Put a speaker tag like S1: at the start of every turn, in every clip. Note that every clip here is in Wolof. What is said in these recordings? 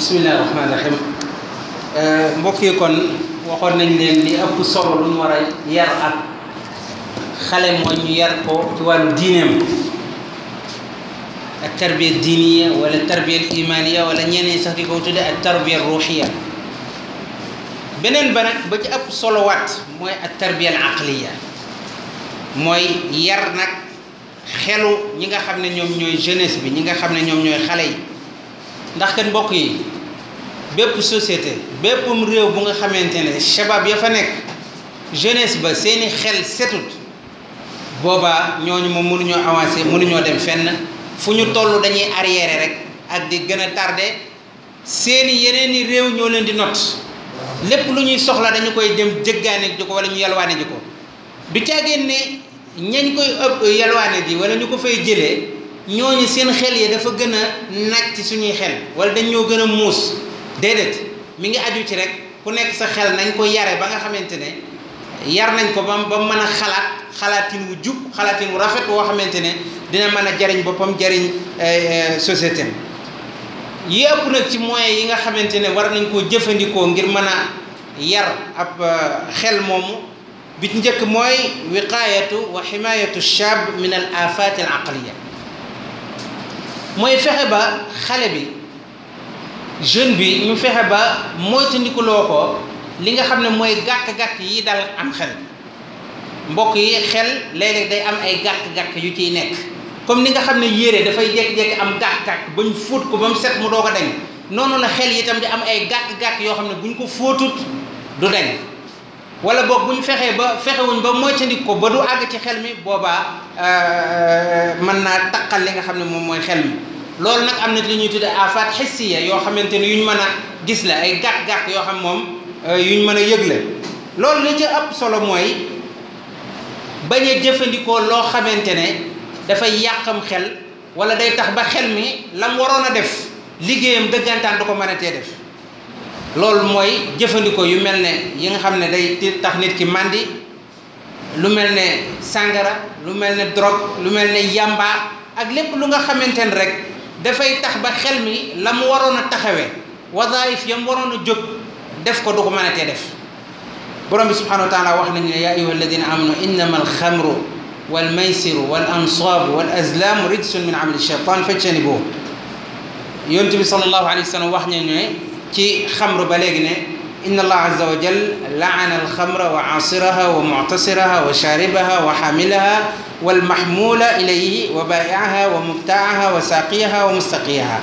S1: bisimilah rahmaani rahim eh, mbokk yi kon waxoon nañ leen li ëpp solo luñ ñu war a yar ak xale mooy ñu yar ko ci wàllu diineem ak tarbiya diiniya wala tarbiya imaaniya wala ñeneen sax ko tudde ak tarbiya beneen ba nag ba ci ëpp solo mooy ak tarbiya aqliya mooy yar nag xelu ñi nga xam ne ñoom ñooy jeunesse bi ñi nga xam ne ñoom ñooy xale yi. ndax kat mbokk yi bépp societé béppum réew bu nga xamante ne shabab ya fa nekk jeunesse ba seeni xel setut boobaa ñooñu moom mënuñoo avancer mënuñoo dem fenn fu ñu toll dañuy arrière rek ak di gën a tardé seeni yeneen i réew ñoo leen di not lépp lu ñuy soxla dañu koy dem jëggaane ji ko wala ñu yalwaane ji ko du caagéen ne ñañ koy ëpp yalwaane ji wala ñu ko fay jëlee ñooñu seen xel yi dafa gën a nag ci suñuy xel wala dañ ñoo gën a muus déedéet mi ngi aju ci rek ku nekk sa xel nañ ko yare ba nga xamante ne yar nañ ko ba ba mën a xalaat xalaatin wu jub xalaatin wu rafet woo xamante ne dina mën a jariñ boppam jariñ eh, eh, société am yëpp nag ci moyens yi nga xamante ne war nañ koo jëfandikoo ngir mën a yar ab eh, xel moomu bi njëkk mooy wiqaayatu wa ximaayatu shab min al afat al aqliya mooy fexe ba xale bi jeune bi ñu fexe ba moytandikuloo ko li nga xam ne mooy gàkk-gàkk yi dal am xel mbokk yi xel léeg-léeg day am ay gàkk-gàkk yu ciy nekk comme ni nga xam ne yére dafay jékki-jékki am gàkk-gàkk ba ñu fóot ko ba mu set mu doo ko dañ noonu la xel itam di am ay gàkk-gàkk yoo xam ne bu ñu ko fóotut du dañ wala boobu bu ñu fexee ba fexewuñ ba moytandik ko ba du àgg ci xel mi boobaa euh, euh, mën naa taqal li nga xam ne moom mooy xel mi loolu nag am na li ñuy tudde afaat xissiya yoo xamante yu ñu mën a gis la ay gàkk-gàkk yoo xam moom euh, yuñ mën a yëg loolu li ci ëpp solo mooy bañ a jëfandikoo loo xamante ne dafay yàqam xel wala day tax ba xel mi lam waroon a def liggéeyam dëggantaan du ko mën a tee def loolu mooy jëfandikoo yu mel ne yi nga xam ne day tax nit ki màndi lu mel ne sàngara lu mel ne drogue lu mel ne yàmba ak lépp lu nga xamante ne rek dafay tax ba xel mi la mu waroon a taxawee wazaayif yam waroon a jóg def ko du ko mënatee def borom bi wa taala wax nañu ne yaa ayuha alladina amanu innama alxamru walmaysiru wal ansaabu wal azlaamu rijsun min amali shaytan fajtanibuhu yonent bi sallallahu alayhi wa sallam wax nañu ne ci xamru ba léegi ne inna allah azza wa jal laana alxamra wa aasiraha wa muctasiraha wa shaaribaha wa xamilaha walmahmula ilayhi wa baayaha wa mubtaaha wa saaqiyaha wa mustaqiyaha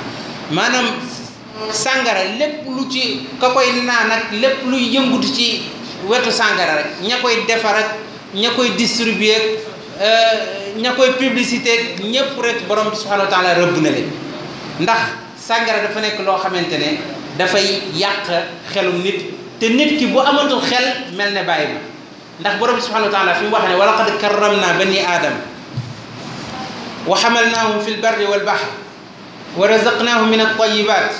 S1: maanaam sàngara lépp lu ci ka koy naan ak lépp luy yëngutu ci wetu sàngara rek ña koy defar ak ña koy distribuer ak euh, ña koy publicité ak ñépp rek borom bi subhanahu wa taala rëbb na leen ndax sàngara dafa nekk loo xamante ne dafay yàq xelum nit te nit ki bu amantul xel mel ne bàyyi ma ndax borom bi subhanahu wa taala fi mu wax ne wa laqad karramna bani aadama wa xamalnaahum fi lbarri walbaxri wa razaqnaahum min altayibat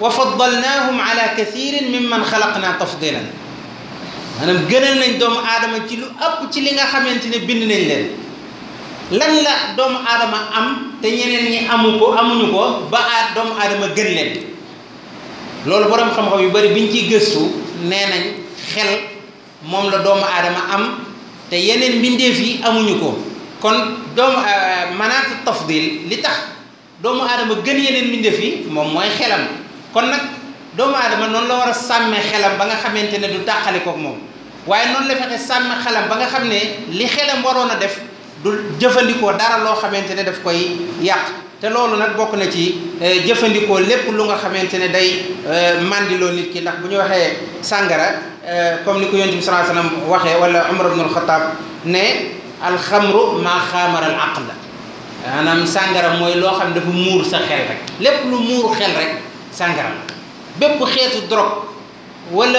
S1: wa faddalnaahum ala kathirin mimman xalaqna tafdilan maanaam gënal nañ doomu aadama ci lu ëpp ci li nga xamante ne bind nañ leen lan la doomu aadama am te ñeneen ñi amu ko amuñu ko ba aat doomu aadama gën leen loolu borom xam-xam yu bari biñ ciy gëstu nee nañ xel moom la doomu aadama am te yeneen mbindeef yi amuñu ko kon doomu euh, manaatu tafdil li tax doomu aadama gën yeneen mbindeef yi moom mooy xelam kon nag doomu aadama noonu la war a sàmmee xelam ba nga xamante ne du tàqali kook moom waaye noonu la fexe sàmm xelam ba nga xam ne li xelam waroon a def du jëfandikoo dara loo xamante ne daf koy yàq te loolu nag bokk na ci eh, jëfandikoo lépp lu nga xamante ne day eh, mandiloo nit ki ndax bu ñu waxee sàngara eh, comme ni ko yonent bi sallallahu alayhi wasallam waxee wala umar ibn al-Khattab ne alxamru xaamara al aql maanaam sàngara mooy loo xam ne dafa muur sa xel rek lépp lu muur xel rek sàngara la bépp xeetu drop wala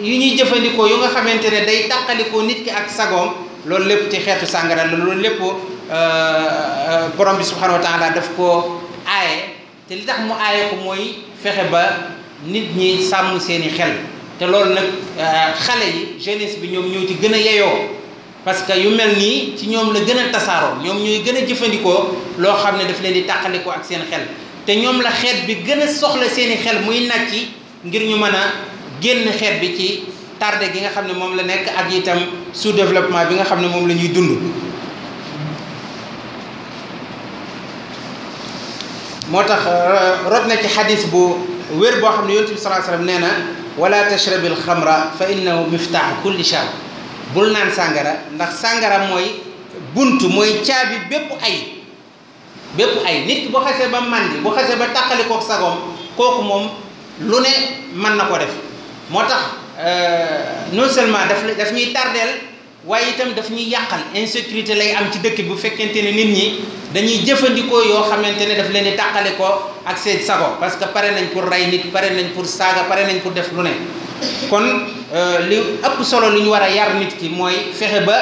S1: yu ñuy jëfandikoo yu nga xamante ne day tàqalikoo nit ki ak sagoom loolu lépp ci xeetu sàngara la loolu lépp Euh, euh, borom bi subhanahu wa taala daf ko aaye te li tax mu aaye ko mooy fexe ba nit ñi sàmm seeni xel te loolu nag euh, xale yi jeunesse bi ñoom ñëw ci gën a yeyoo parce que yu mel nii ci ñoom la gën a tasaaroo ñoom ñooy gën a jëfandikoo loo xam ne daf leen di tàqalikoo ak seen xel te ñoom la xeet bi gën a soxla seeni xel muy nàcci ngir ñu mën a génn xeet bi ci tarde gi nga xam ne moom la nekk ak itam su développement bi nga xam ne moom la ñuy dund moo tax euh, rot na ci xadis bu weer boo xam ne yonent bi sallallahu nee na wala tashrabil xamra fa innahu miftahu kulli shar bul naan sàngara ndax sàngara mooy bunt mooy caabi bépp ay bépp ay nit ki bu xasee ba màndi bu xasee ba tàqali kook sagoom kooku moom lu ne mën na ko def moo tax euh, non seulement daf daf ñuy tardeel waaye itam daf ñuy yàqal insécurité lay am ci dëkk bu fekkente ne nit ñi dañuy jëfandikoo yoo xamante ne daf leen di tàqale ko ak seen sago parce que pare nañ pour rey nit pare nañ pour saaga pare nañ pour def lu ne kon euh, li ëpp solo li ñu war a yar nit ki mooy fexe ba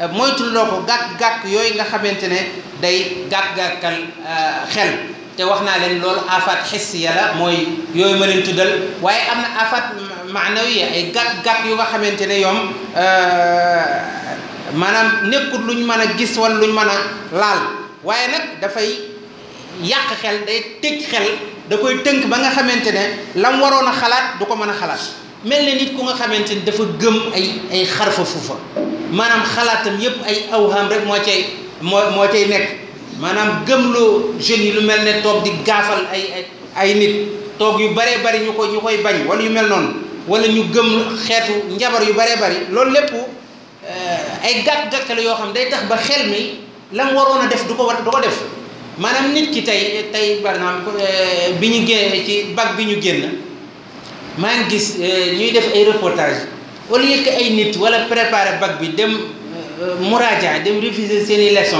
S1: euh, moytuloo ko gàkk-gàkk yooyu nga xamante ne day gàkk-gàkkal euh, xel te wax naa leen loolu afat xissiya la mooy yooyu ma leen tuddal waaye am na afat maanawiya ay gàtt-gàtt yu xamante ne yoom euh, maanaam nekkul luñ mën a gis wala luñ mën a laal waaye nag dafay yàq xel day tëj xel da koy tënk ba nga xamante ne lam waroon a xalaat du ko mën a xalaat mel ne nit ku nga xamante ni dafa gëm ay ay xarfa fuufa maanaam xalaatam yépp ay awham rek moo cay moo moo cay nekk maanaam gëm loo jeunes yi lu mel ne toog di gaafal ay ay nit toog yu bare bari ñu ko ñu koy bañ wala yu mel noonu wala ñu gëm xeetu njabar yu baree bari loolu lépp euh, ay gàkk-gàkk la yoo xam day tax ba xel mi la mu waroon a def du ko war du ko def maanaam nit ki tey tey par exemple euh, bi ñu génn ci bac bi ñu génn maa ngi gis euh, ñuy def ay reportage au lieu ay nit wala préparer bac bi dem muraaja dem réviser seen i leçon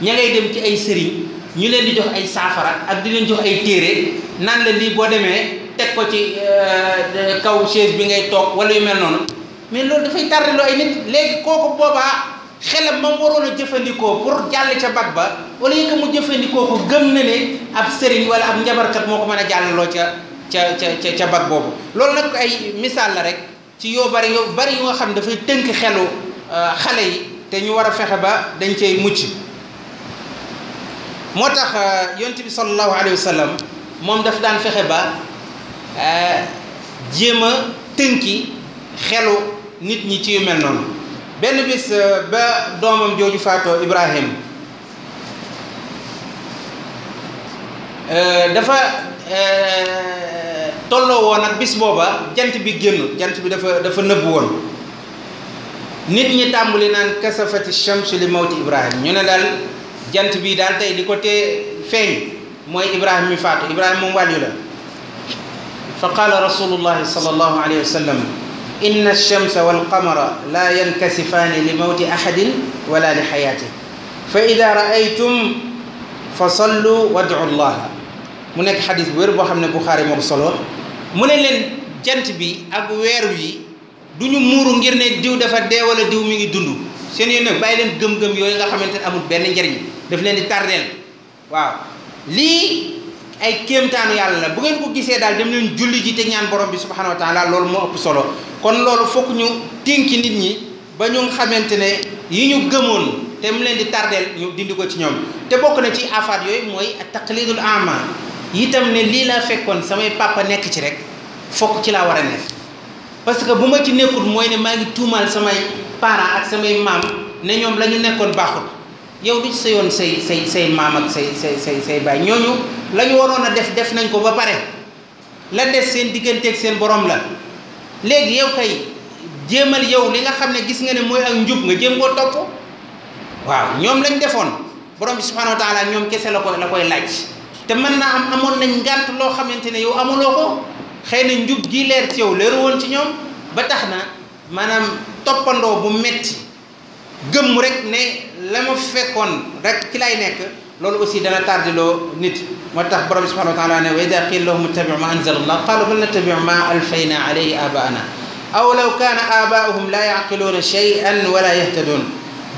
S1: ña ngay dem ci ay sëriñ ñu leen di jox ay saafara ak di leen jox ay téere naan la lii boo demee teg ko ci euh, kaw chaise bi ngay toog wala yu mel noonu mais loolu dafay tardiloo ay nit léegi kooku boobaa xelam moom waroon a jëfandikoo pour jàll ca bag ba wala yëg mu jëfandikoo ko gëm na ne ab sëriñ wala ab njabarkat moo ko mën a jàllaloo ca ca ca ca bag boobu loolu nag ay misaal la rek ci yoo bari yoo bari yu nga xam dafay tënk xelu euh, xale yi te ñu war a fexe ba dañ cay mucc moo tax euh, yonent bi sallallahu alayhi wa moom daf daan fexe ba Euh, jéem a tënki xelu nit ñi ci yu mel noonu benn bis euh, ba doomam jooju faatoo Ibrahim euh, dafa tolloo woon ak bis booba jant bi génn jant bi dafa dafa nëbb woon nit ñi tàmbali naan kasafati shamsu li mawti Ibrahim ñu ne daal jant bi daal tey di ko te feeñ mooy Ibrahim mi faatu Ibrahim moom wàllu la فقال رسول الله صلى الله عليه وسلم إن الشمس والقمر لا ينكسفان لموت أحد ولا لحياته فإذا رأيتم فصلوا وادعوا الله mu nekk xadis bu wér boo xam ne Buxaari moo ko solo mu ne leen jant bi ak weer wi du ñu muuru ngir ne diw dafa dee wala diw mi ngi dund seen yoon nag bàyyi leen gëm-gëm yooyu nga xamante ne amul benn njariñ daf leen di tardeel waaw lii ay kéemtaanu yàlla la bu ngeen ko gisee daal dem leen julli ji te ñaan borom bi subhanahu wa taala loolu moo ëpp solo kon loolu fokk ñu tinki nit ñi ba ñu xamante ne yi ñu gëmoon te mu leen di tardeel ñu dindi ko ci ñoom te bokk na ci afaat yooyu mooy taqlidul ama itam ne lii laa fekkoon samay papa nekk ci rek fokk ci laa war a parce que bu ma ci nekkul mooy ne maa ngi tuumaal samay parents ak samay maam ne ñoom la ñu nekkoon baaxul yow du ci sa yoon say say say maam ak say say say baay ñooñu lañu waroon a def def nañ ko ba pare la des seen digganteek seen borom la léegi yow kay jéemal yow li nga xam ne gis nga ne mooy ak njub nga jéem koo topp waaw ñoom lañ defoon borom bi subhanahu wa ñoom kese la ko la koy laaj te mën naa am amoon nañ ngànt loo xamante ne yow amuloo ko xëy na njub gi leer ci yow leeru woon ci ñoom ba tax na maanaam toppandoo bu metti gëmm rek ne la fekkoon rek ci lay nekk loolu aussi dana tardiloo nit moo tax borom bi subhanahu wa taala ne wa ida qila lahum ittabiu ma anzala allah qalu bal nattabiu ma alfayna alayhi abaana aw law kaana abaauhum la yaqiluuna shay'an wala yahtadoon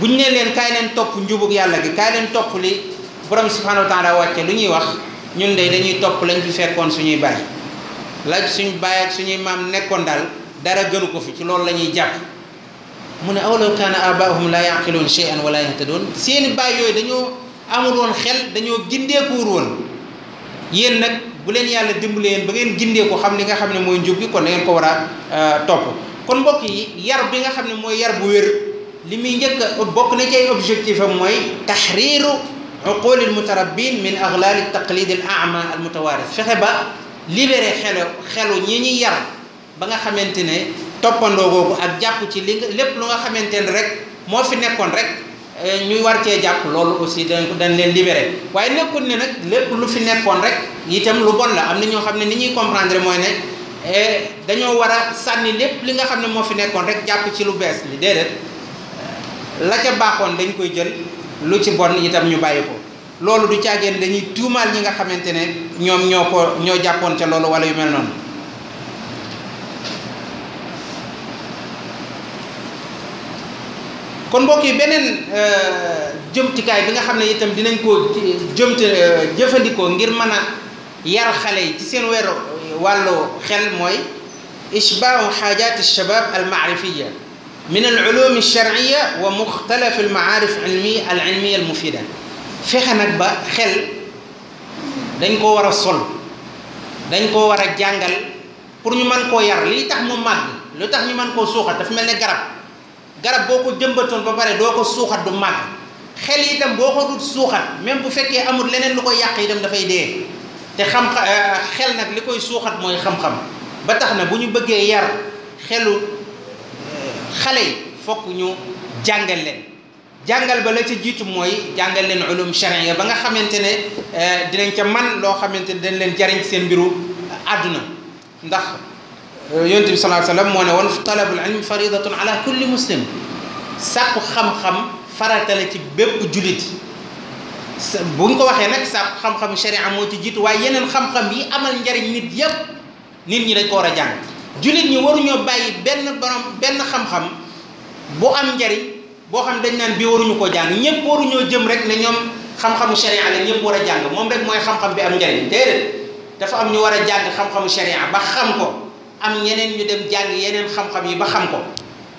S1: buñ ne leen kaay leen topp njubug yàlla gi kaay leen topp li borom bi subhanahu wa taala lu ñuy wax ñun de dañuy topp lañ fi fekkoon suñuy bàyyi laaj suñ bàyyi ak suñuy maam nekkoon daal dara gënu ko fi ci loolu la ñuy jàpp mu ne awlaw kaana abaahum laa yaqiluun shay'an wala yahtadoon seeni baay yooyu dañoo amul woon xel dañoo gindeekuwul woon yéen nag bu leen yàlla dimbali yéen ba ngeen gindeeku xam li nga xam ne mooy njub gi kon da ko war a euh, kon mbokk yi yar bi nga xam ne mooy yar bu wér li muy njëkk a bokk na ci ay objectif am mooy taxriiru uqulil mutarabbiin min aglaali taqlidil ama al mutawaaris fexe ba libéré xelu xelu ñi ñuy yar ba nga xamante ne toppandoo googu ak jàpp ci li nga lépp lu nga xamante ne rek moo fi nekkoon rek eh, ñuy war cee jàpp loolu aussi dañ dañ leen libéré waaye nekkul ni nag lépp lu fi nekkoon rek itam lu bon la am na ñoo xam ne ni ñuy comprendre mooy ne eh, dañoo war a sànni lépp li nga xam ne moo fi nekkoon rek jàpp ci lu bees li déedéet la ca baaxoon dañ koy jël lu ci bon itam ñu bàyyi ko loolu du caageen dañuy tuumaal ñi nga xamante ne ñoom ñoo ko ñoo jàppoon ca loolu wala yu mel noonu kon mbokk yi beneen euh, jëmtukaay bi nga xam ne itam dinañ ko euh, jëmt euh, jëfandikoo ngir mën a yar xale yi ci seen weeru wàllu xel mooy ishbaahu xaajaati shabab al maarifiya min al ulum sharciya wa muxtalaf al maarif ilmi fexe nag ba xel dañ ko war a sol dañ ko war a jàngal pour ñu mën koo yar lii tax mu màgg lu tax ñu mën koo suuxat dafa mel ne garab garab boo ko jëmbatoon ba bare doo ko suuxat du màgg xel itam boo ko dut suuxat même bu fekkee amul leneen lu koy yàq itam dafay dee te xam euh, xel nag li koy suuxat mooy xam-xam ba tax na bu ñu bëggee yar xelu euh, xale yi fokk ñu jàngal leen jàngal ba la ca jiitu mooy jàngal leen ulum charia ba nga xamante ne euh, dinañ ca man loo xamante ne dañ leen jariñ seen mbiru àdduna ndax yonent bi sallallahu alayhi wasallam moo ne woon talabul ilm faridatun ala kulli muslim sàkku xam-xam farata la ci bépp jullit bu ñu ko waxee nag sa xam-xam sharia moo ci jiitu waaye yeneen xam-xam yi amal njariñ nit yëpp nit ñi dañ ko war a jàng jullit ñi waruñoo bàyyi benn borom benn xam-xam am njariñ boo xam dañ naan bi waruñu ko jàng ñëpp jëm rek ne ñoom xam-xamu ñëpp war a jàng moom rek mooy xam-xam bi am njariñ déedéet dafa am ñu war a jàng xam-xamu sharia ba xam ko am ñeneen ñu dem jàng yeneen xam-xam yi ba xam ko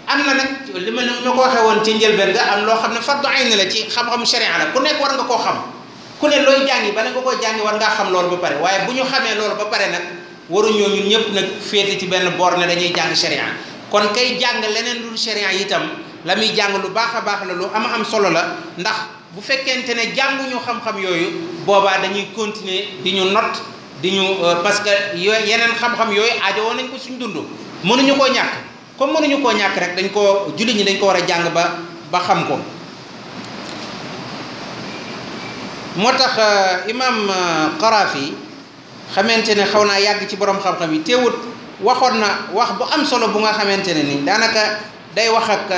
S1: am na nag li ma ma ko waxee woon ci njëlbeen nga am loo xam ne fardu ayn la ci xam-xamu sharia ku nekk war koo xam ku ne looy jàngi bala nga koo jàngi war ngaa xam loolu ba pare waaye bu ñu xamee loolu ba pare nag waruñoo ñun ñëpp nag féete ci benn boor ne dañuy jàng sharia kon kay jàng leneen lu sharia itam la muy jàng lu baax a baax la lu am am solo la ndax bu fekkente ne jànguñu xam-xam yooyu boobaa dañuy continuer di ñu not di ñu euh, parce que yeneen xam-xam yooyu aajowoo nañ ko suñ dund mënuñu koo ñàkk comme mënuñu koo ñàkk rek dañ koo jullit ñi dañ ko war a jàng ba ba xam ko moo tax euh, imam yi euh, xamante ne xaw naa yàgg ci borom xam-xam yi teewut waxoon na wax bu am solo bu nga xamante ne ni daanaka day wax ak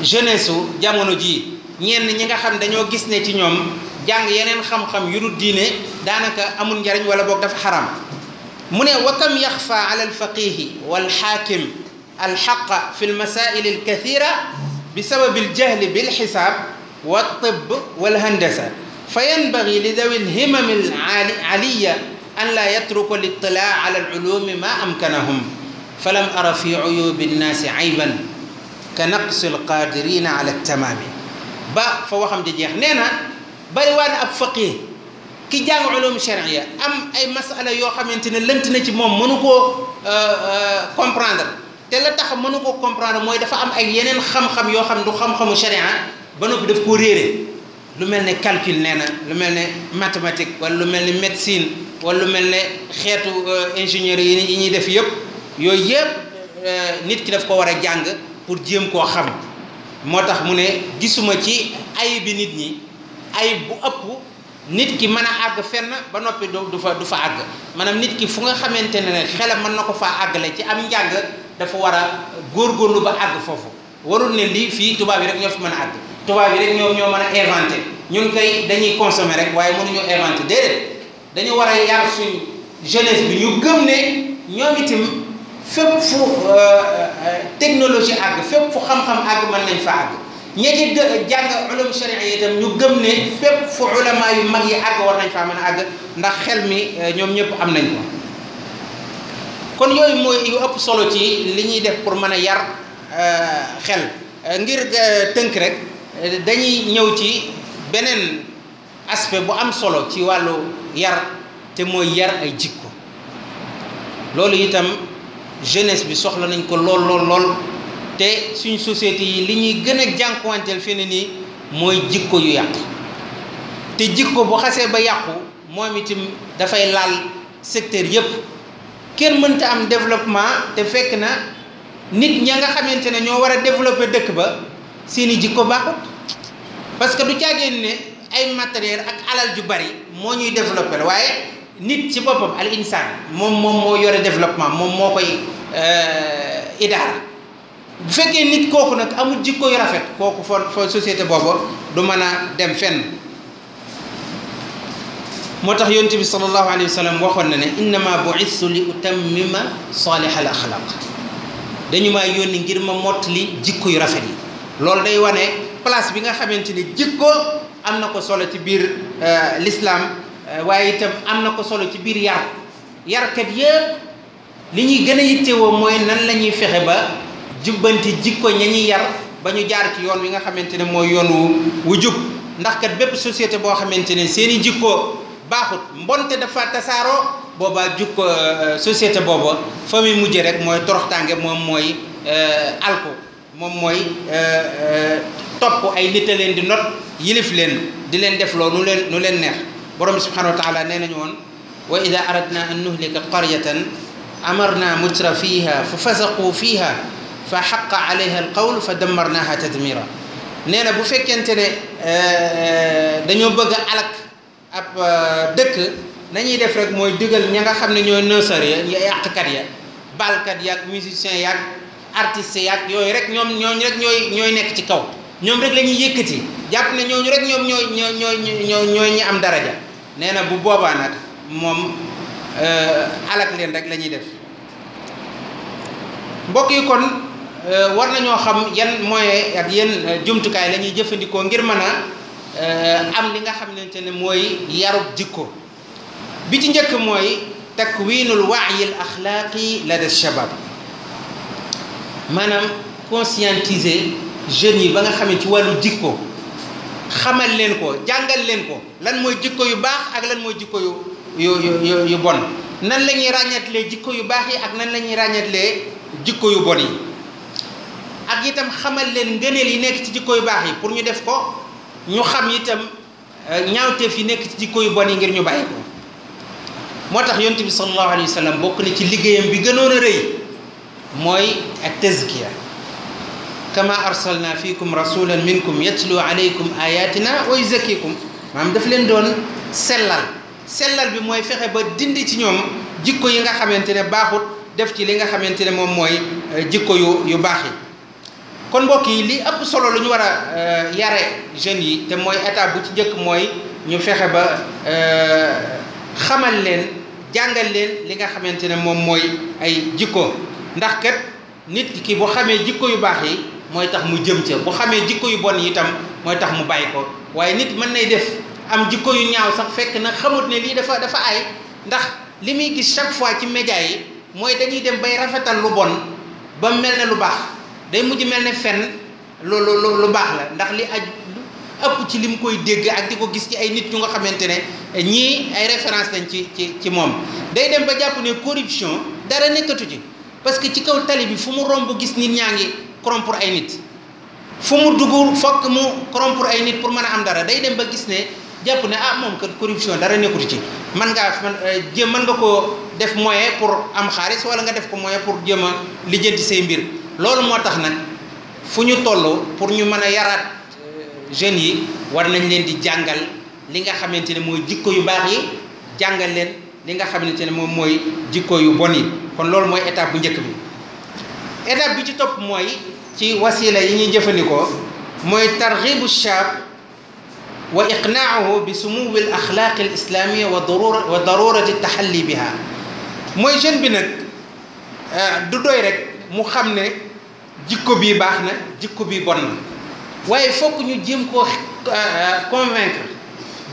S1: jeunesse su jamono jii ñenn ñi nga xam dañoo gis ne ci ñoom jàng yeneen xam-xam yu dul diine daanaka amul njariñ wala boog dafa xaram mu ne wa kam yaxfa ala alfaqihi walxaakim alxaqa fi almasail alkathira bi sababi aljahli bilxisaab waltib walhandasa fa yanbagi li dawi alhimami alaliya an laa yatruku alitilaa ala alulumi ma amkanahum falam ara fi uyubi nnaasi ayban ka naqsi alqadirina ala altamaami ba fa waxam di jeex nee na bari waa na ab faqih ki jàng ulum sharia am ay masala yoo xamante ne lënt na ci moom mënu koo euh, euh, comprendre te la tax mënu koo comprendre mooy dafa am ay yeneen xam-xam yoo xam du xam-xamu sharia ba noppi def koo réere lu mel ne calcul nee na lu mel ne mathématique wala lu mel ne médecine wala lu mel ne xeetu euh, ingénieur yi ñuy def yëpp yooyu yëpp nit ki daf ko war a jàng pour jéem koo xam moo tax mu ne gisuma ci ay bi nit ñi ay bu ëpp nit ki mën a àgg fenn ba noppi du fa du fa àgg maanaam nit ki fu nga xamante ne ne xelam mën na ko faa àggale ci am njàng dafa war a lu ba àgg foofu warul ne lii fii tubaab yi rek ñoo fi mën a àgg tubaab yi rek ñoo mën a inventé ngi kay dañuy consommer rek waaye mënuñoo inventé déedéet dañu war a yar suñ jeunesse bi ñu gëm ne ñoom itam fépp fu euh, euh, technologie àgg fépp fu xam-xam àgg mën nañ fa àgg ñetti ci jàng ulum sharia yi ñu gëm ne fépp fu ulama yu mag yi àgg war nañ faa mën a àgg ndax xel mi eh, ñoom ñëpp am nañ ko kon yooyu mooy yu ëpp solo ci li ñuy def pour mën a yar eh, xel eh, ngir tënk rek dañuy ñëw ci beneen aspect bu am solo ci wàllu yar te mooy yar ay jikko loolu itam jeunesse bi soxla nañ ko lool lool lool te suñu société yi li ñuy gën a jànkuwanteel fi ne nii mooy jikko yu yàqu te jikko bu xasee ba yàqu moom itim dafay laal secteur yépp kenn mënta am développement te fekk na nit ña nga xamante ne ñoo war a développer dëkk ba seeni jikko baaxut parce que du caageen ne ay matériel ak alal ju bari moo ñuy développer la waaye nit ci boppam al insaan moom moom moo yore développement moom moo koy euh, idaara bu fekkee nit kooku nag amul jikko yu rafet kooku fo fo société booba du mën a dem fenn moo tax yonent bi sallallahu alayhi wa waxoon na ne innama bu'istu li utammima salihal axlaq dañu maa yónni ngir ma li jikko yu rafet yi loolu day wane place bi nga xamante ni jikko am na ko solo ci biir euh, lislaam euh, waaye itam am na ko solo ci biir yar yarkat yëpp li ñuy gën a yittewoo mooy nan la fexe ba jubbanti jikko ña ñuy yar ba ñu jaar ci yoon wi nga xamante ne mooy yoon wu wu jub ndax kat bépp societé boo xamante ne seen i jikko baaxut mbonte dafa tasaaroo boobaa jikko euh, société booba fa muy mujje rek mooy toroxtaange moom mooy euh, alko moom mooy euh, topp ay nit a leen di not yilif leen di leen def loo nu leen nu leen neex borom bi subhanahu nee nañu woon wa ida aradna an nuhlika qaryatan amarna mutra fiha fa fasaqu fiha fa xaqa alayha alqawl fa dammarnaha tadmira nee na bu fekkente ne eh, dañoo bëgg a alak ab eh, dëkk nañuy def rek mooy digal ña nga xam ne ñooy nësar ya ya yàqkat ya balkat yaag musicien yaag artiste yaag yooyu rek ñoom ñooñu rek ñooy ñooy nekk ci kaw ñoom rek la ñuy yëkkati jàpp ne ñooñu rek ñoom ñooy ñooy ñooy ñooy ñi am daraja nee na bu boobaa nag moom eh, alak leen rek la ñuy def mbokk yi kon Euh, war nañoo xam yan moyen ak yan euh, jumtukaay lañuy jëfandikoo ngir mën a euh, am li nga xamante ne mooy yarub jikko bi ci njëkk mooy takwinul waayil axlaaqi lada shabab maanaam conscientiser jeunes yi ba nga xamee ci wàllu jikko xamal leen ko jàngal leen ko lan mooy jikko yu baax ak lan mooy jikko yu yu yu yu bon nan la ñuy ràññatlee jikko yu baax yi ak nan la ñuy ràññatlee jikko yu bon yi ak itam xamal leen ngëneel yi nekk ci jikko yu baax yi pour ñu def ko ñu xam itam euh, ñaawteef yi nekk ci jikko yu bon yi ngir ñu bàyyi tax yonent bi sallallahu alayhi wa na ci liggéeyam bi gënoon a rëy mooy ak tazkiya kama arsalna fiikum rasulan minkum yatlu alaykum ayatina wa yuzakkikum maanaam daf leen doon sellal sellal bi mooy fexe ba dind ci ñoom jikko yi nga xamante ne baaxut def ci li nga xamante ne moom mooy euh, jikko yu yu baax kon mbokk yi lii ëpp solo lu ñu war a euh, yare jeunes yi te mooy état bu ci jëkk mooy ñu fexe ba euh, xamal leen jàngal leen li nga xamante ne moom mooy ay jikko ndax kat nit ki bu xamee jikko yu baax yi mooy tax mu jëm ca bu xamee jikko yu bon yi itam mooy tax mu bàyyi ko waaye nit mën nay def am jikko yu ñaaw sax fekk na xamut ne lii dafa dafa ay ndax li muy gis chaque fois ci média yi mooy dañuy dem bay rafetal lu bon ba mel ne lu baax day mujj mel ne fenn loolu lu baax la ndax li aj ëpp ci li mu koy dégg ak di ko gis ci ay nit ñu nga xamante ne ñii ay référence lañ ci ci ci moom day dem ba jàpp ne corruption dara nekkatu ci parce que ci kaw tali bi fu mu romb gis nit ñaa ngi corrompre ay nit fu mu dugg fokk mu corrompre ay nit pour mën am dara day dem ba gis ne jàpp ne ah moom kat corruption dara nekkatu ci man ngaa man euh, jéem mën nga ko def moyen pour am xaalis wala nga def ko moyen pour jéem a lijjanti say mbir loolu moo tax nag fu ñu toll pour ñu mën a yaraat euh, jeunes yi war nañ leen di jàngal li nga xamante ne mooy jikko yu baax yi jàngal leen li nga xamante ne moom mooy jikko yu bon yi kon loolu mooy étape bu njëkk bi étape bi ci topp mooy ci wasila yi ñuy jëfandikoo mooy targhibu shaab wa iqnaahu bi sumuwi ak axlaaq al islaamia wa darura wa darurati taxalli biha mooy jeune bi nag euh, du doy rek mu xam ne jikko bii baax na jikko bii bon na waaye fokk ñu jéem koo euh, euh, convaincre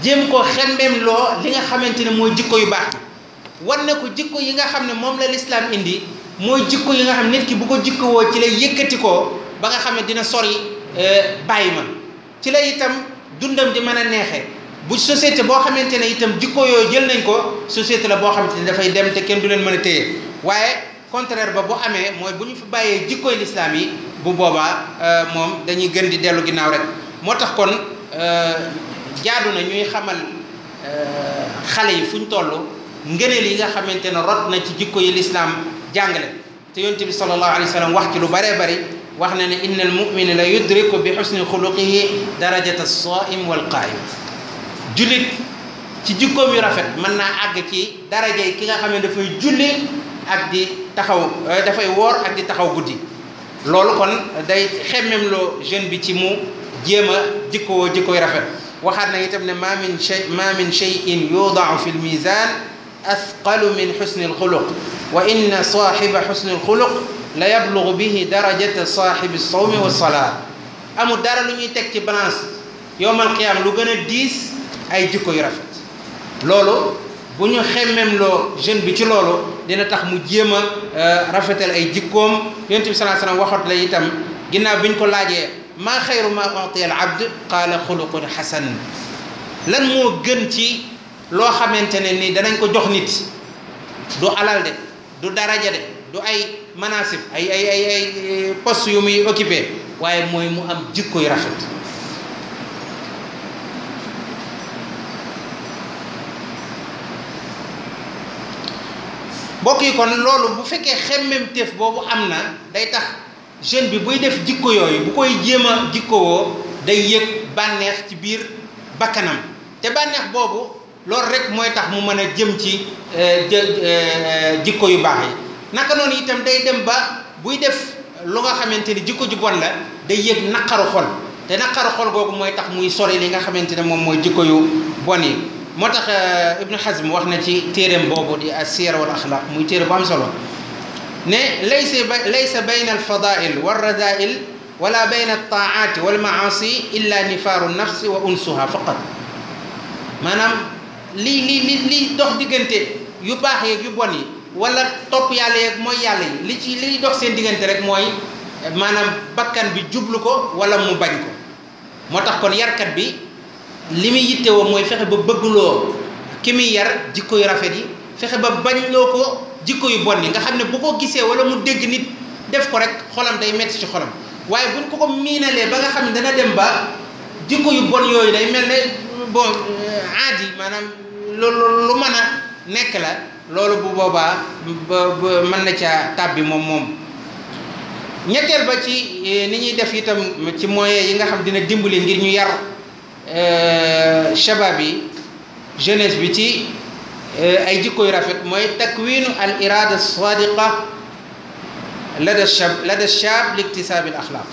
S1: jéem koo xembeem loo li nga xamante ne mooy jikko yu baax wan ne ko jikko yi nga xam ne moom la lislaam indi mooy jikko yi nga xam nit ki bu ko jikko woo ci lay yëkkati ko ba nga xam ne dina sori euh, bàyyi ma ci la itam dundam di mën a neexee bu société boo xamante ne itam jikko yooyu jël nañ ko société la boo xamante ne dafay dem te kenn du leen mën a téye waaye contraire ba bu amee mooy bu ñu fi bàyyee jikkoy lislaam yi bu boobaa euh, moom dañuy gën di dellu ginnaaw rek moo tax kon euh, jaadu na ñuy xamal euh, xale yi fu ñu toll ngëneel yi nga xamante ne rot na ci jikko yi lislaam jàngale te yonte bi sallallahu alayhi wa sallam wax ci lu baree bari wax na ne inna al mumina la yudriku bi xusni xuluqihi darajata saim wal qaayim jullit ci jikkoom yu rafet mën naa àgg ci darajay ki nga xam ne dafay julli ak di taxaw euh, dafay woor ak di taxaw guddi loolu kon day xemmemloo jeune bi ci mu jéem a jikkoo jikkoy rafet waxaat na itam ne ma min shay ma min cheyin yudaau fi lmisan asqalu min xusni alxuluq wa inna saaxiba xusni alxuluq la yablugu bihi darajata saaxibi sawmi wa salaa amul dara lu ñuy teg ci balance yowmal qiyaam lu gën a diis ay jikko yu rafet loolu bu ñu xemmemloo jeune bi ci loolu dina tax mu jéem a euh, rafetal ay jikkoom yonent bi sallallahu alayhi wasallam la itam ginnaaw bi ñu ko laajee maa xayru ma utiya al abd qaala xuluqun xasan lan moo gën ci loo xamante ne nii danañ ko jox nit du alal de du daraja de du ay manasib ay ay ay post poste yu muy occupé waaye mooy mu am jikko yu rafet mbokk yi kon loolu bu fekkee xemmem téef boobu am na day tax jeune bi buy def jikko yooyu bu koy jéem a jikkowoo day yëg bànneex ci biir bakkanam te bànneex boobu loolu rek mooy tax mu mën a jëm ci euh, euh, jikko yu baax yi naka noonu itam day dem ba buy def lu nga xamante ni jikko ju bon la day yëg naqaru xol te naqaru xol googu mooy tax muy sori li nga xamante ne moom mooy jikko yu bon yi moo tax euh, Ibn Hazm wax na ci téereem boobu di as-siyar wal axlaq muy téere bu am solo ne laysa laysa bayna al-fadaa'il wa ar-radaa'il wala bayna at-taa'aati wal ma'aasi illa nifaaru nafsi wa unsuha faqat maanaam lii lii li lii dox diggante yu baax yeeg yu bon yi wala topp yàlla yeeg mooy yàlla yi li ci liy dox seen diggante rek mooy maanaam bakkan bi jublu ko wala mu bañ ko moo tax kon yarkat bi li muy yittewoo mooy fexe ba bëgguloo ki muy yar jikko yu rafet yi fexe ba bañ loo ko jikko yu bon yi nga xam ne bu ko gisee wala mu dégg nit def ko rek xolam day metti ci xolam waaye buñ ko ko miinalee ba nga xam ne dana dem ba jikko yu bon yooyu day mel na bon euh, aadi maanaam loolu lu mën a nekk la loolu bu boobaa mën na ca tàbbi moom moom ñetteel ba ci eh, ni ñuy def itam ci moyens yi nga xam dina dimbali ngir ñu yar Euh, shabab yi jeunesse bi ci euh, ay jikkoy rafet mooy takwinu al irada sadiqa lada shab lada shab liktisaabil axlaaq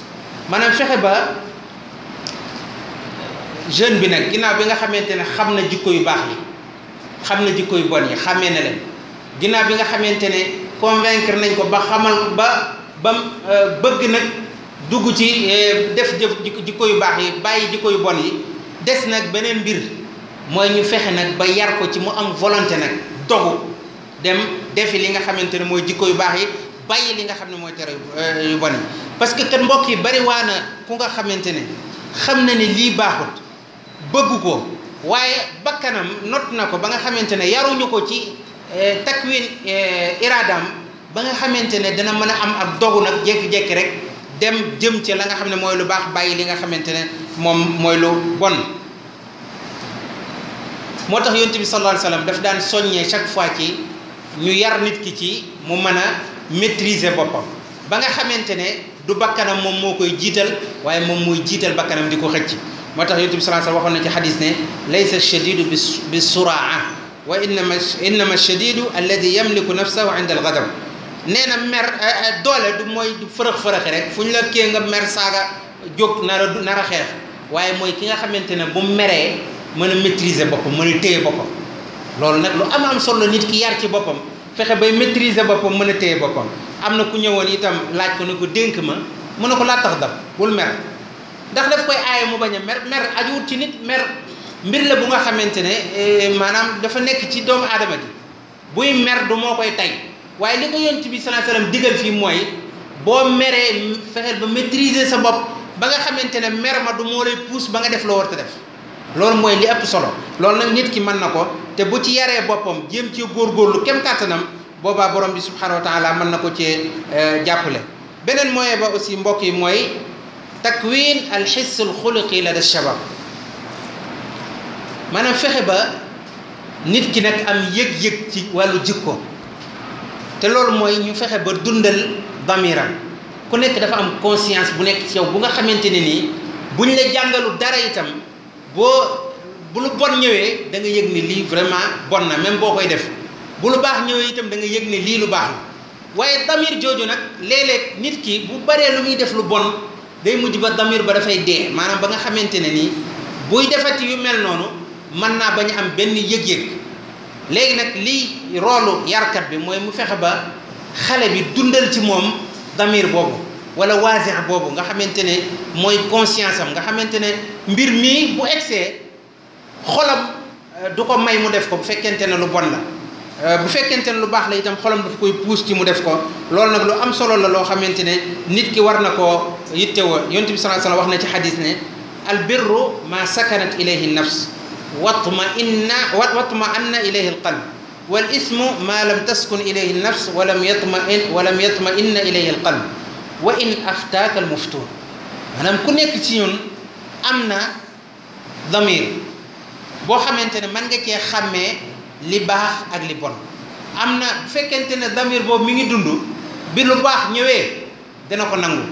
S1: maanaam fexe ba jeune bi nag ginnaaw bi nga xamante ne xam na jikko yu baax yi xam na jikko yu bon yi xàmmee na leen ginnaaw bi nga xamante ne convaincre nañ ko ba xamal ba ba euh, bëgg nag dugg ci def jëf jikko yu baax yi bàyyi jikko yu bon yi des nag beneen mbir mooy ñu fexe nag ba yar ko ci mu am volonté nag dogu dem defi li nga xamante ne mooy jikko yu baax yi bàyyi li nga xam ne mooy tere yu euh, bon parce que kat mbokk yi bari waa ku nga xamante ne xam na ne lii baaxut bëgg ko waaye bakkanam nott na ko ba nga xamante ne yaruñu ko ci euh, takwin euh, iraadam ba nga xamante ne dana mën a am ak dogu nag jékki-jékki rek dem jëm ci la nga xam ne mooy lu baax bàyyi li nga xamante ne moom mooy lu bon moo tax yonent bi sallallahu alayhi wa sallam daf daan soññee chaque fois ci ñu yar nit ki ci mu mën a maîtriser boppam ba nga xamante ne du bakkanam moom moo koy jiital waaye moom mooy jiital bakkanam di ko xëcc moo tax yonent bi sallallahu alayhi wa sallam waxoon na ci xadis ne laysa shadidu bi bi suraa wa innama innama shadidu alladi yamliku nafsahu inda algadab nee na mer eh, eh, doole du mooy du fërëx fërëxi rek fu ñu la kee nga mer saaga jóg nara a nar a xeex waaye mooy ki nga xamante ne bu meree mën a maîtriser boppam mën a téye boppam loolu nag lu am am solo nit ki yar ci boppam fexe bay maîtriser boppam mën a téye boppam am na ku ñëwoon itam laaj ko ne ko dénk ma mu ne ko laa tax daf bul mer ndax daf koy aaye mu bañ a mer mer ajuwut ci nit mer mbir la bu nga xamante ne eh, maanaam dafa nekk ci doomu aadama ji buy mer du moo koy tay waaye li ko yonent bi sallallahu alayhi wasallam digal mooy boo meree fexeel ba maîtriser sa bopp ba nga xamante ne mer ma du moo lay puus ba nga def loo war te def loolu mooy li ëpp solo loolu nag nit ki mën na ko te bu ci yaree boppam jéem ci góorgóorlu kem kàttanam boobaa boroom bi subhanahu wa taala mën na ko ci euh, jàppale beneen moyen ba aussi mbokk yi mooy takwin al xiss al xuluqi la def shabab maanaam fexe ba nit ki nag am yëg-yëg ci wàllu jikko te loolu mooy ñu fexe ba dundal damiram ku nekk dafa am conscience bu nekk ci yow bu nga xamante ne nii bu ñu la jàngalu dara itam boo bu lu bon ñëwee da nga yëg ni lii vraiment bon na même boo koy def bu lu baax ñëwee itam da nga yëg ni lii lu baax la waaye damir jooju nag léeg-léeg nit ki bu baree lu muy def lu bon day mujj ba damir ba dafay dee maanaam ba nga xamante ne nii buy defati yu mel noonu mën naa bañ am benn yëg-yëg léegi nag lii roolu yarkat bi mooy mu fexe ba xale bi dundal ci moom damiir boobu wala waasin boobu nga xamante ne mooy conscience am nga xamante ne mbir mii bu egsee xolam euh, du ko may mu def ko bu fekkente ne lu bon la euh, bu fekkente ne lu baax la itam xolam daf koy puus ci mu def ko loolu nag lu am solo la loo xamante ne nit ki war na ko yittewoo yonent bi sallallahu alayhi wax na ci xadis ne al birru ma sakanat ilayhi nafs watma inna ma anna ilayhi al qalb wal ismu ma lam taskun ilayhi nafs walam ma walam yatma'inna ilayhi alqalb wa in aftaaka almuftun maanaam ku nekk ci ñun am na damir boo xamante ne mën nga cee xàmmee li baax ak li bon am na bu fekkente ne damir boobu mi ngi dund bi lu baax ñëwee dana ko nangu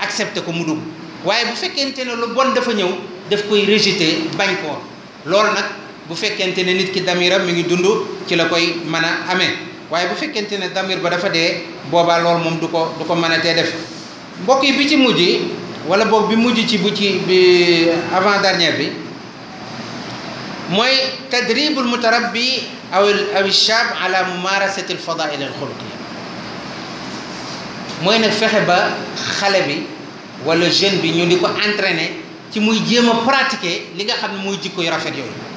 S1: accepté ko mu dugg waaye bu fekkente ne lu bon dafa ñëw def koy rejeté bañ koo loolu nag bu fekkente ne nit ki damiram mi ngi dund ci la koy mën a amee waaye bu fekkente ne damir ba dafa dee boobaa loolu moom du ko du ko mën a tee def mbokk yi bi ci mujj wala boog bi mujj ci bu ci bi avant dernière bi mooy tadribul mutarabbi aw aw shab ala mumarasati al fadail al xuluqiya mooy nag fexe ba xale bi wala jeune bi ñu di ko entraîner ci muy jéem a pratiquer li nga xam ne muy jikko yu rafet yooyu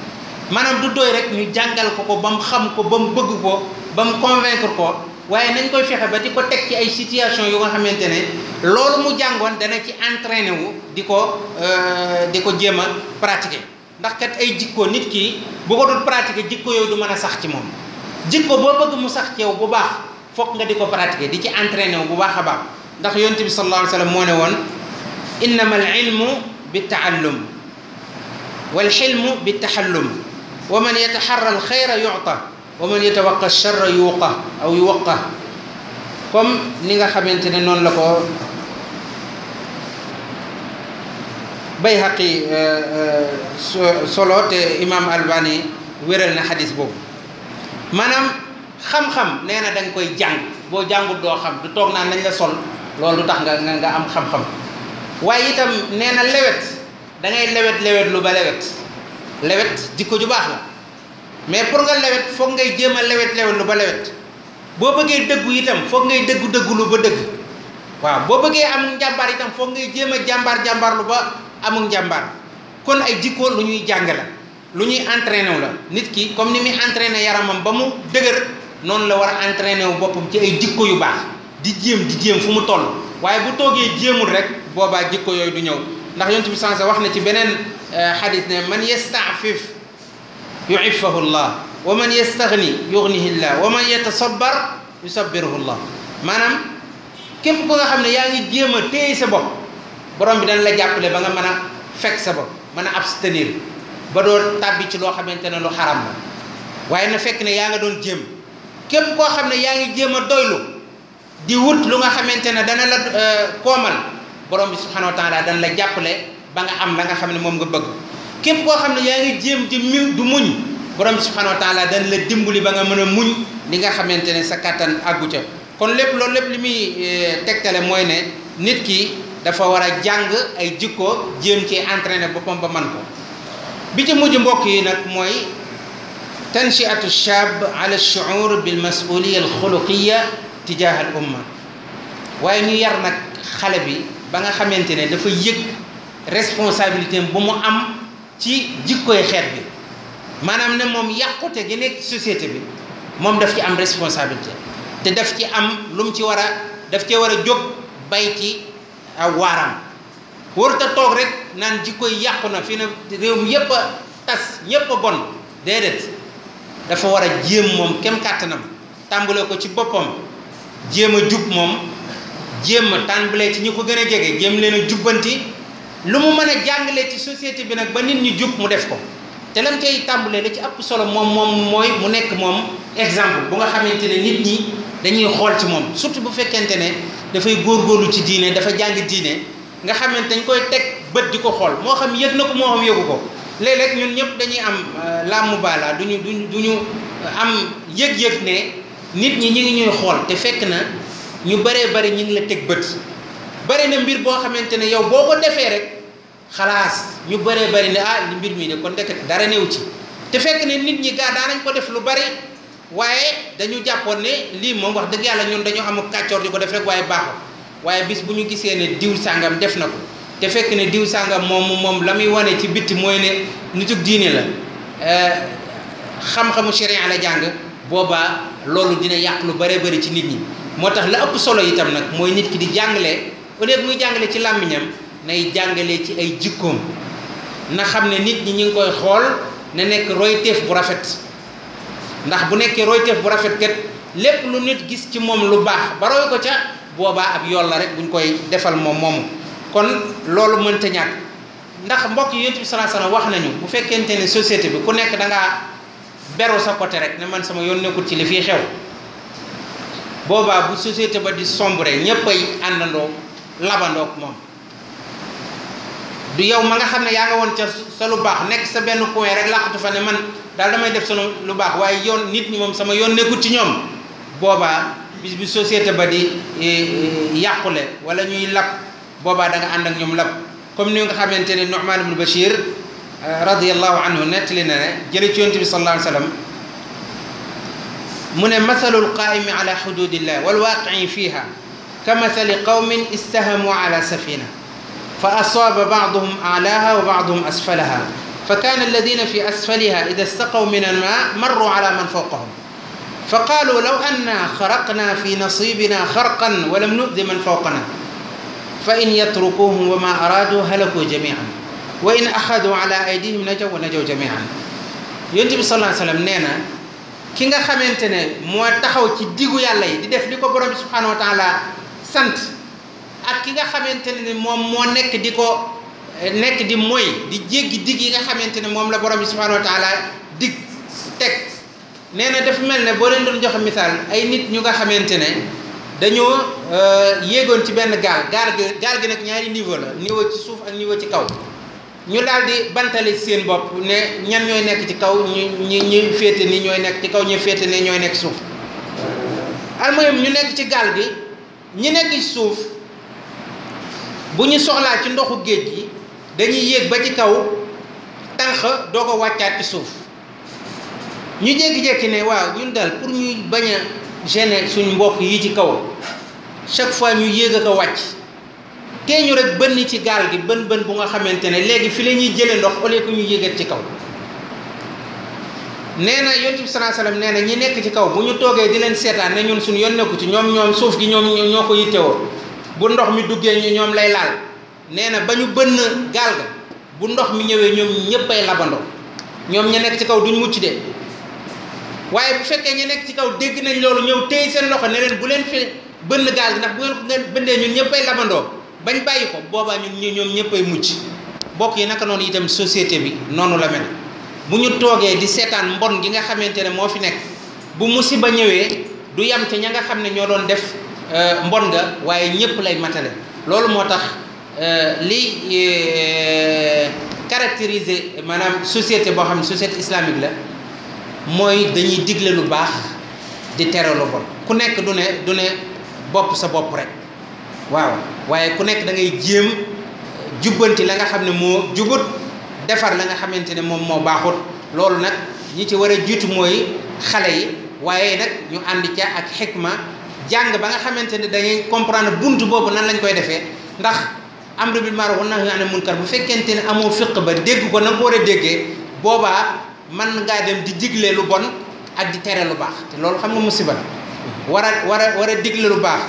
S1: maanaam du doy rek ñu jàngal ko ko ba mu xam ko ba mu bëgg ko ba mu convaincre ko waaye nañ koy fexe ba di ko teg ci ay situation yu nga xamante ne loolu mu jàngoon dana ci entraîné wu di ko euh, di ko jéem a pratiquer ndax kat ay jikko nit ki bu ko dul pratiquer jikko yow du mën a sax ci moom jikko boo bëgg mu sax ci yow bu baax foog nga di ko pratiquer di ci entraîné bu baax a baax ndax yonent bi sallallahu alayhi wa moo ne woon innama al ilmu bi taallum wal xilmu bi taxallum wa man yataxarra alxayra yuta wa man yatawaqa charra yuuqa aw yuwaqa comme ni nga xamante ne noonu la ko Bayhaqi euh, euh, solo te imam Albani wéral na xadis boobu maanaam xam nee na da koy jàng boo jàngut doo xam du toog naan nañ la sol loolu du tax nga am xam waaye itam nee na lewet da lewet lewet lu ba lewet lewet jikko ju baax la mais pour nga lawet foog ngay jéem a lawet lewet lu ba lawet boo bëggee dëggu itam foog ngay dëggu dëggu lu ba dëgg waaw boo bëggee am njàmbaar itam foog ngay jéem a jàmbaar jàmbaar lu ba amul njàmbaar kon ay jikko lu ñuy jàng la lu ñuy entraîné wu la nit ki comme ni muy entraîné yaramam ba mu dëgër noonu la war a entraîné wu boppam ci ay jikko yu baax di jéem di jéem fu mu toll waaye bu toogee jéemul rek boobaa jikko yooyu du ñëw ndax yonent bi sansa wax na ci beneen xadis ne man yastafif yuifahu llah wa man yastagni yugnihi llah wa man yatasabar yusabiruhu llah maanaam képp ko nga xam ne yaa ngi jéem a téey sa bopp borom bi dañ la jàppale ba nga mën a fekk sa bopp mën a abstenir ba doo tàbbi ci loo xamante ne lu xaram la waaye na fekk ne yaa nga doon jéem képp koo xam ne yaa ngi jéem a doylu di wut lu nga xamante ne dana la euh, koomal borom bi subhanahu wa taala dañ la jàppale ba nga am la nga xam ne moom nga bëgg képp koo xam ne yaa ngi jéem di mi du muñ borom bi subhanahu wa taala dañ la dimbali ba nga mën a muñ li nga xamante ne sa kattan àggu ca kon lépp loolu lépp li muy eh, tegtale mooy ne nit ki dafa war a jàng ay jikko jéem ci entraîné boppam ba man ko bi ci mujj mbokk yi nag mooy tanshiatu shab ala shuur bil masuliya al xuluqiya tijaha al umma waaye ñu yar nag xale bi ba nga xamante ne dafa yëg responsabilité bu mu am ci jikkoy xeet bi maanaam ne moom yàqute gi nekk société bi moom daf ci am responsabilité te daf ci am lu mu ci war a daf cee war a jóg bay ci waaram warut a toog rek naan jikkoy yàqu na fi ne réew mi yépp a tas ñépp a bon déedéet dafa war a jéem moom kem kàttanam tàmbale ko ci boppam jéem a jub moom jéem a tàmbale ci ñu ko gën a jege jéem leen a jubbanti lu mu mën a jàngale ci société bi nag ba nit ñi jub mu def ko te lam cay tàmbalee la ci ëpp solo moom moom mooy mu nekk moom exemple bu nga xamante ne nit ñi dañuy xool ci moom surtout bu fekkente ne dafay góorgóorlu ci diine dafa jàng diine nga xamante dañ koy teg bët di ko xool moo xam yëg na ko moo xam yëgu ko léeg-léeg ñun ñëpp dañuy am euh, laamu baala duñu duñu du ñu am yëg-yëg ne nit ñi ñi ngi ñuy xool te fekk na ñu bëree bëri ñu ngi la teg bët bëri na mbir boo xamante ne yow boo ko defee rek xalaas ñu bëree bari ne ah li mbir mi de kon ndeket dara néew ci te fekk ne nit ñi gaa daanañ ko def lu bari waaye dañu jàppoon ne lii moom wax dëgg yàlla ñun dañoo am kàccoor di ko def rek waaye baaxul waaye bis bu ñu gisee ne diw sàngam def na ko te fekk ne diw sàngam moom moom la muy wane ci bitti mooy ne nitug diine la eh, xam-xamu sharia la jàng booba loolu dina yàq lu bëree bari ci nit ñi moo tax la ëpp solo itam nag mooy nit ki di jàngale au lieu muy ci làmmiñam nay jàngalee ci ay jikkoom na xam ne nit ñi ñu ngi koy xool na nekk royteef bu rafet ndax bu nekkee royteef bu rafet kat lépp lu nit gis ci moom lu baax ba roy ko ca boobaa ab yool la rek buñ koy defal moom moomu kon loolu mënta ñàkk ndax mbokk yi yonent bi sallallahu alayhi wax nañu bu fekkente ne société bi ku nekk da ngaa sa côté rek ne man sama yoon nekkul ci li fii xew boobaa bu société ba di sombre ñëppay àndandoo labandoog moom du yow ma nga xam ne yaa nga woon ca sa lu baax nekk sa benn coin rek làqatu fa ne man daal damay def sama lu baax waaye yoon nit ñi moom sama yoon nekkut ci ñoom boobaa bis bi société ba di e, e, yàqule wala ñuy lab boobaa da nga ànd ak ñoom lab comme ni nga xamante ne Nu'man ibn nu euh, radiyallahu anhu nettali na ne jële ci yonent bi sallallahu alayhi wa sallam mu ne masalul qaa'imi ala hududillah wal waaqi'i fiha ka masali qawmin istahamu ala safina فأصاب بعضهم أعلاها وبعضهم أسفلها فكان الذين في أسفلها إذا استقوا من الماء مروا على من فوقهم فقالوا لو أنا خرقنا في نصيبنا خرقا ولم نؤذ من فوقنا فإن يتركوهم وما أرادوا هلكوا جميعا وإن أخذوا على أيديهم نجوا ونجوا جميعا yonent bi sallallahu alayhi wa sallam nee na ki nga xamante ne moo taxaw ci diggu yàlla yi di def li ko borom bi subhanahu wa taala sant ak ki nga xamante ne moom moo nekk di ko eh, nekk di moy di jéggi dig yi nga xamante ne moom la borom bi subhanahu wa taala dig teg nee na dafa mel ne boo leen doon joxe misaal ay nit ñu nga xamante ne dañoo eh, yéegoon ci benn gaal gaal gi gaal gi nag ñaari niveau la niveau ci suuf ak niveau ci kaw ñu daal di bantale seen bopp ne ñan ñooy nekk ci kaw ñu ñu ñu féete ni ñooy nekk ci kaw ñu féete ni ñooy nekk suuf almuhim ñu nekk ci gaal gi ñi nekk ci suuf bu ñu soxlaa ci ndoxu géej gi dañuy yéeg ba ci kaw tànq doog a wàccaat ci suuf ñu jékki-jékki ne waaw ñun daal pour ñuy bañ a gêner suñ mbokk yi ci kaw chaque fois ñu yéeg a a wàcc tee ñu rek bënn ci gaal gi bën bën bu nga xamante ne léegi fi la ñuy jëlee ndox au lieu ñu yéegat ci kaw nee na yonent bi sallallahu nee na ñi nekk ci kaw bu ñu toogee di leen seetaan ne ñun suñu yoon nekku ci ñoom ñoom suuf gi ñoom ñoo ko yittewoo bu ndox mi duggee ñu ñoom lay laal nee na ba ñu bënn gaal ga bu ndox mi ñëwee ñoom ñëpp ay labandoo ñoom ña nekk ci kaw duñ mucc de waaye bu fekkee ña nekk ci kaw dégg nañ loolu ñëw téye seen loxo ne leen bu leen fi bënn gaal gi ndax bu ngeen ko bëndee ñun ñëpp ay labandoo bañ bàyyi ko boobaa ñun ñoom ñëpp ay mucc bokk yi naka noonu itam société bi noonu la mel bu ñu toogee di seetaan mbon gi nga xamante ne moo fi nekk bu mu musiba ñëwee du yam ca ña nga xam ne ñoo doon def Euh, mbon nga waaye ñëpp lay matale loolu moo tax euh, li euh, caractériser maanaam société boo xam ne société islamique la mooy dañuy digle lu baax di tere lu bon ku nekk du ne du ne bopp sa bopp rek waaw waaye ku nekk da ngay jéem jubbanti la nga xam ne moo jubut defar la nga xamante ne moom moo baaxut loolu nag ñi ci war a jiitu mooy xale yi waaye nag ñu ànd ca ak xikma jàng ba nga xamante ne dangay comprendre bunt boobu nan lañ koy defee ndax am amru bil ma'ruf wa nahyi anil munkar bu fekkente ne amoo fiq ba dégg ko na nga ko war a déggee boobaa man ngaa dem di digle lu bon ak di tere lu baax te loolu xam nga musiba la war a war a war a digle lu baax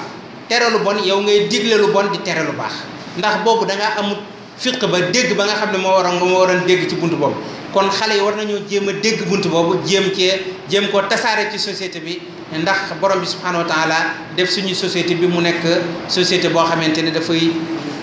S1: tere lu bon yow ngay digle lu bon di tere lu baax ndax boobu da ngaa amul fiq ba dégg ba nga xam ne moo waroon nga moo waroon dégg ci bunt boobu kon xale yi war nañoo jéem a dégg bunt boobu jéem cee jéem koo tasaare ci société bi ndax borom bi subhanahu wa def suñu société bi mu nekk société boo xamante ne dafay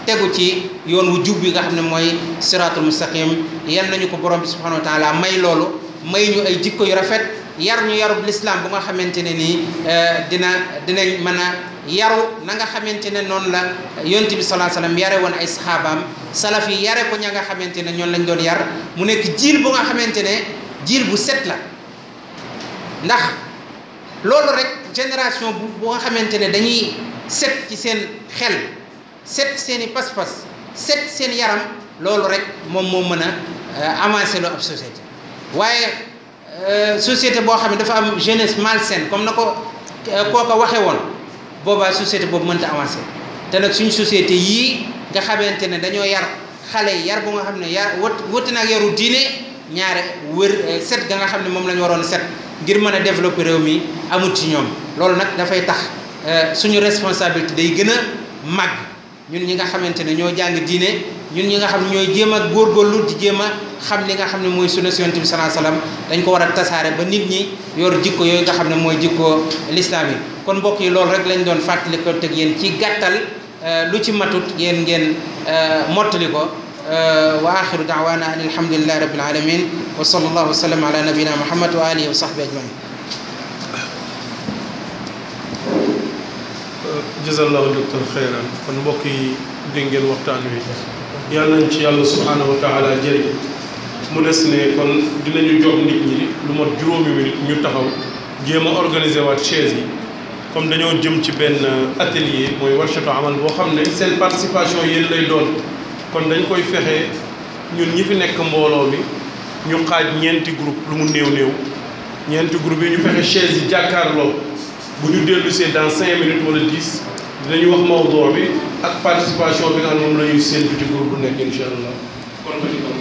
S1: tegu ci yoon wu jub bi nga xam ne mooy siratul mustaqim yan nañu ko borom bi subhanahu wa may loolu may ñu ay jikko yu rafet yar ñu yarub lislaam bu nga xamante ne nii eh, dina dinañ mën a yaru na nga xamante ne noonu la yonent bi sallallahu alayhi wasallam yare woon ay saxaabaam salaf yi yare ko ña nga xamante ne ñoom lañ doon yar mu nekk jiil bu nga xamante ne jiil bu set la ndax loolu rek génération bu bu nga xamante ne dañuy set ci seen xel set seen i pas-pas set seen yaram loolu rek moom moo mën a eh, avancé loo ab société waaye Euh, société boo xam ne dafa am jeunesse malsaine comme na ko euh, kooka waxee woon boobaa société boobu mënta avancé te nag suñu société yii nga xamante ne dañoo yar xale yi yar bu nga xam ne yar wët wëtt nag yaru diine ñaare wër euh, set ga nga xam ne moom la ñu waroon set ngir mën a développer réew mi amut ci ñoom loolu nag dafay tax suñu responsabilité day gën a màgg ñun ñi nga xamante ne ñoo jàng diine ñun ñi nga xam ne ñooy jéem a góorgóorlu ci jéem a xam li nga xam ne mooy sunna si yonent bi sallallahu alayhi dañ ko war a tasaare ba nit ñi yor jikko yooyu nga xam ne mooy jikko lislaam yi kon mbokk yi loolu rek lañ doon fàttali ko teg ci gàttal euh, lu ci matut ngeen ngeen euh, mottali ko euh, wa axiru daawaana an alhamdulillahi rabbil alamin wa sallallahu wa sallam ala nabina muhammad wa alihi wa sahbi kon mbokk yi yàlla nañ ci yàlla subhaanahu wa taala jëriñ mu des ne kon dinañu jox nit ñi lu mot juróomi bi ñu taxaw jéem a organiser waat chaise yi comme dañoo jëm ci benn atelier mooy workshop amal boo xam ne seen participation yéen lay doon kon dañ koy fexe ñun ñi fi nekk mbooloo bi ñu xaaj ñeenti groupe lu mu néew néew ñeenti groupe yi ñu fexe chaise yi jàkkaarloo bu ñu dellusee dans cinq minutes wala dix dinañu wax mawdoo bi ak participation bi nga xam ne moom la ñuy séntu ci groupe bu nekk incha allah kon ba ci kanam